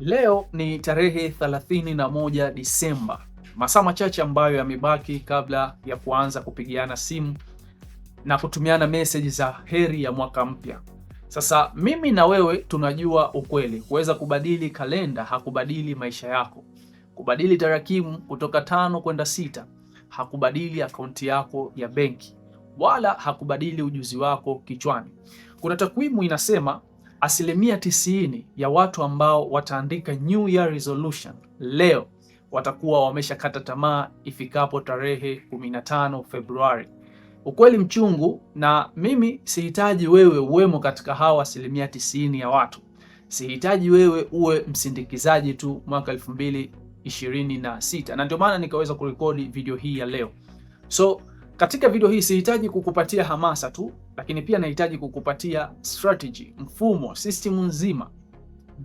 Leo ni tarehe 31 Disemba, masaa machache ambayo yamebaki kabla ya kuanza kupigiana simu na kutumiana meseji za heri ya mwaka mpya. Sasa mimi na wewe tunajua ukweli, kuweza kubadili kalenda hakubadili maisha yako. Kubadili tarakimu kutoka tano kwenda sita hakubadili akaunti yako ya benki, wala hakubadili ujuzi wako kichwani. Kuna takwimu inasema Asilimia 90 ya watu ambao wataandika new year resolution leo watakuwa wameshakata tamaa ifikapo tarehe 15 Februari. Ukweli mchungu, na mimi sihitaji wewe uwemo katika hawa asilimia 90 ya watu. Sihitaji wewe uwe msindikizaji tu mwaka 2026, na ndio maana nikaweza kurekodi video hii ya leo. So katika video hii sihitaji kukupatia hamasa tu, lakini pia nahitaji kukupatia strategy, mfumo, system nzima.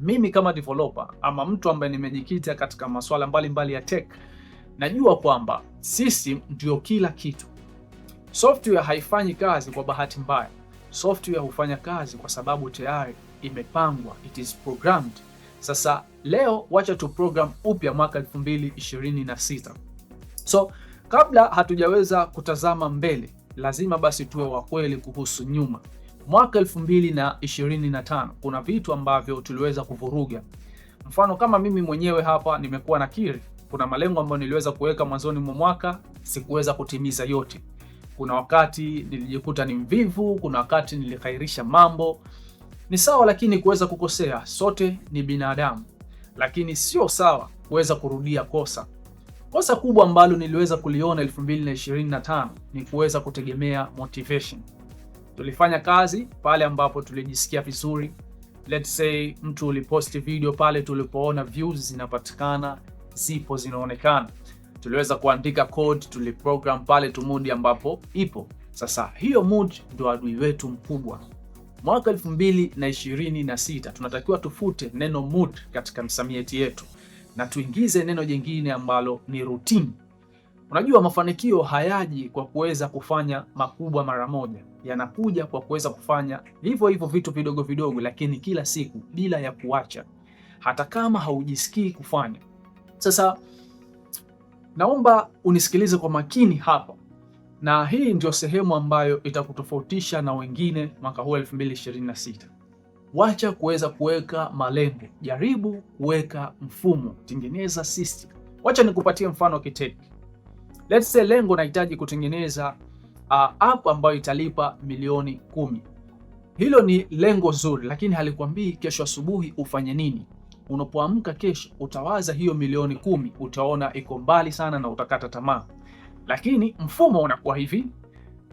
Mimi kama developer ama mtu ambaye nimejikita katika masuala mbalimbali ya tech, najua kwamba system ndio kila kitu. Software haifanyi kazi kwa bahati mbaya. Software hufanya kazi kwa sababu tayari imepangwa, it is programmed. Sasa leo wacha tu program upya mwaka 2026. So Kabla hatujaweza kutazama mbele, lazima basi tuwe wa kweli kuhusu nyuma. Mwaka 2025 kuna vitu ambavyo tuliweza kuvuruga. Mfano kama mimi mwenyewe hapa nimekuwa na kiri kuna malengo ambayo niliweza kuweka mwanzoni mwa mwaka sikuweza kutimiza yote. Kuna wakati nilijikuta ni mvivu, kuna wakati nilikhairisha mambo. Ni sawa lakini kuweza kukosea, sote ni binadamu, lakini sio sawa kuweza kurudia kosa. Kosa kubwa ambalo niliweza kuliona 2025 ni kuweza kutegemea motivation. Tulifanya kazi pale ambapo tulijisikia vizuri. Let's say mtu uliposti video pale tulipoona views zinapatikana, zipo zinaonekana. Tuliweza kuandika code, tuliprogram pale tu mood ambapo ipo. Sasa hiyo mood ndio adui wetu mkubwa. Mwaka 2026 tunatakiwa tufute neno mood katika msamiati yetu na tuingize neno jingine ambalo ni routine. Unajua, mafanikio hayaji kwa kuweza kufanya makubwa mara moja, yanakuja kwa kuweza kufanya hivyo hivyo vitu vidogo vidogo, lakini kila siku bila ya kuacha, hata kama haujisikii kufanya. Sasa naomba unisikilize kwa makini hapa, na hii ndio sehemu ambayo itakutofautisha na wengine mwaka huu 2026. Wacha kuweza kuweka malengo, jaribu kuweka mfumo, tengeneza system. Wacha nikupatie mfano kiteki. Let's say lengo nahitaji kutengeneza uh, app ambayo italipa milioni kumi. Hilo ni lengo zuri, lakini halikwambii kesho asubuhi ufanye nini. Unapoamka kesho, utawaza hiyo milioni kumi, utaona iko mbali sana na utakata tamaa. Lakini mfumo unakuwa hivi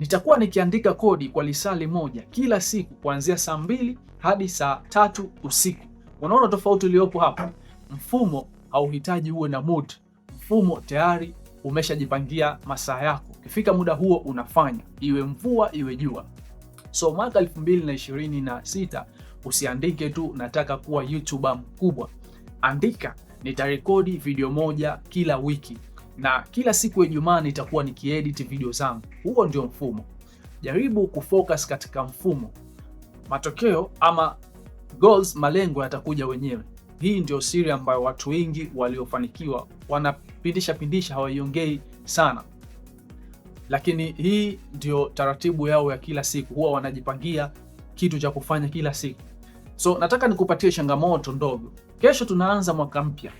Nitakuwa nikiandika kodi kwa lisali moja kila siku kuanzia saa mbili hadi saa tatu usiku. Unaona tofauti uliopo hapa? Mfumo hauhitaji uwe na mood. Mfumo tayari umeshajipangia masaa yako, ukifika muda huo unafanya, iwe mvua iwe jua. So mwaka sita usiandike tu nataka kuwa YouTuber mkubwa, andika nitarekodi video moja kila wiki na kila siku ya Ijumaa nitakuwa nikiedit video zangu. Huo ndio mfumo. Jaribu kufocus katika mfumo, matokeo ama goals, malengo yatakuja wenyewe. Hii ndio siri ambayo watu wengi waliofanikiwa wanapindisha pindisha, hawaiongei sana, lakini hii ndio taratibu yao ya kila siku, huwa wanajipangia kitu cha kufanya kila siku. So nataka nikupatie changamoto ndogo. Kesho tunaanza mwaka mpya.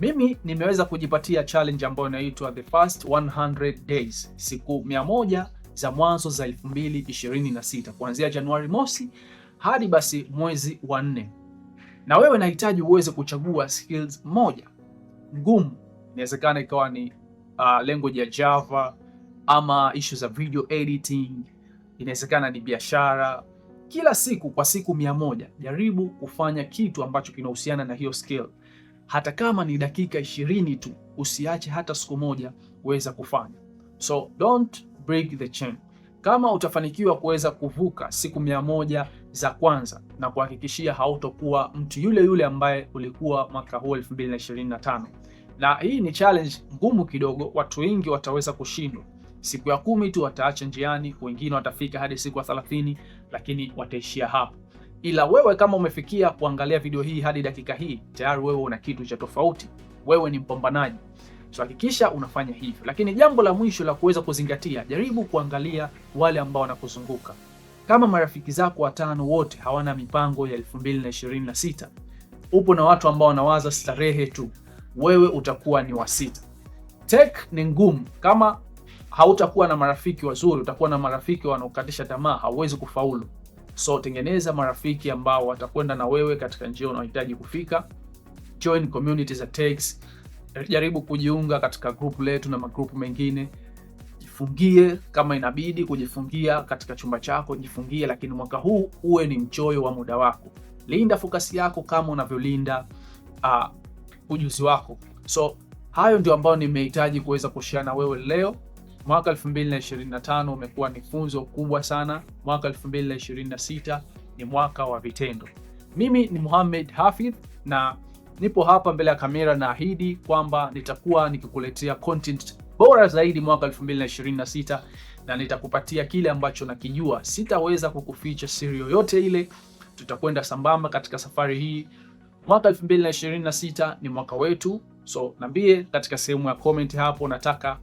Mimi nimeweza kujipatia challenge ambayo inaitwa the first 100 days, siku 100 za mwanzo za 2026 kuanzia Januari mosi hadi basi mwezi wa nne, na wewe nahitaji uweze kuchagua skills moja ngumu. Inawezekana ikawa ni uh, language ya Java ama ishu za video editing, inawezekana ni biashara. Kila siku kwa siku mia moja jaribu kufanya kitu ambacho kinahusiana na hiyo skill hata kama ni dakika ishirini tu, usiache hata siku moja kuweza kufanya. So don't break the chain. Kama utafanikiwa kuweza kuvuka siku mia moja za kwanza, na kuhakikishia hautokuwa mtu yule yule ambaye ulikuwa mwaka huu 2025. Na hii ni challenge ngumu kidogo, watu wengi wataweza kushindwa. Siku ya kumi tu wataacha njiani, wengine watafika hadi siku ya thelathini, lakini wataishia hapo ila wewe kama umefikia kuangalia video hii hadi dakika hii, tayari wewe una kitu cha tofauti. Wewe ni mpambanaji, so hakikisha unafanya hivyo. Lakini jambo la mwisho la kuweza kuzingatia, jaribu kuangalia wale ambao wanakuzunguka. Kama marafiki zako watano wote hawana mipango ya 2026 upo na watu ambao wanawaza starehe tu, wewe utakuwa ni wasita. Tech ni ngumu kama hautakuwa na marafiki wazuri, utakuwa na marafiki wanaokatisha tamaa, hauwezi kufaulu. So tengeneza marafiki ambao watakwenda na wewe katika njia unaohitaji kufika. Join community za TEX, jaribu kujiunga katika grupu letu na magrupu mengine. Jifungie kama inabidi kujifungia katika chumba chako, jifungie, lakini mwaka huu uwe ni mchoyo wa muda wako. Linda fokasi yako kama unavyolinda uh, ujuzi wako. So hayo ndio ambayo nimehitaji kuweza kushare na wewe leo. Mwaka 2025 umekuwa ni funzo kubwa sana. Mwaka 2026 ni mwaka wa vitendo. Mimi ni Mohamed Hafidh na nipo hapa mbele ya kamera, naahidi kwamba nitakuwa nikikuletea content bora zaidi mwaka 2026 na nitakupatia kile ambacho nakijua. Sitaweza kukuficha siri yoyote ile, tutakwenda sambamba katika safari hii. Mwaka 2026 ni mwaka wetu, so nambie katika sehemu ya comment hapo, nataka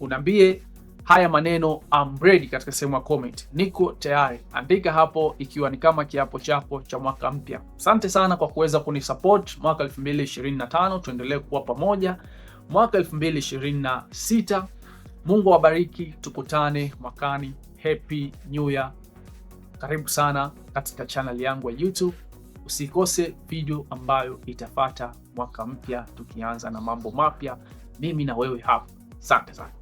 unaambie haya maneno I'm ready katika sehemu ya comment, niko tayari. Andika hapo ikiwa ni kama kiapo chako cha mwaka mpya. Asante sana kwa kuweza kunisupport mwaka 2025, tuendelee kuwa pamoja mwaka 2026. Mungu awabariki, tukutane mwakani. Happy New Year. Karibu sana katika channel yangu ya YouTube. Usikose video ambayo itafata mwaka mpya, tukianza na mambo mapya, mimi na wewe hapa. Asante sana.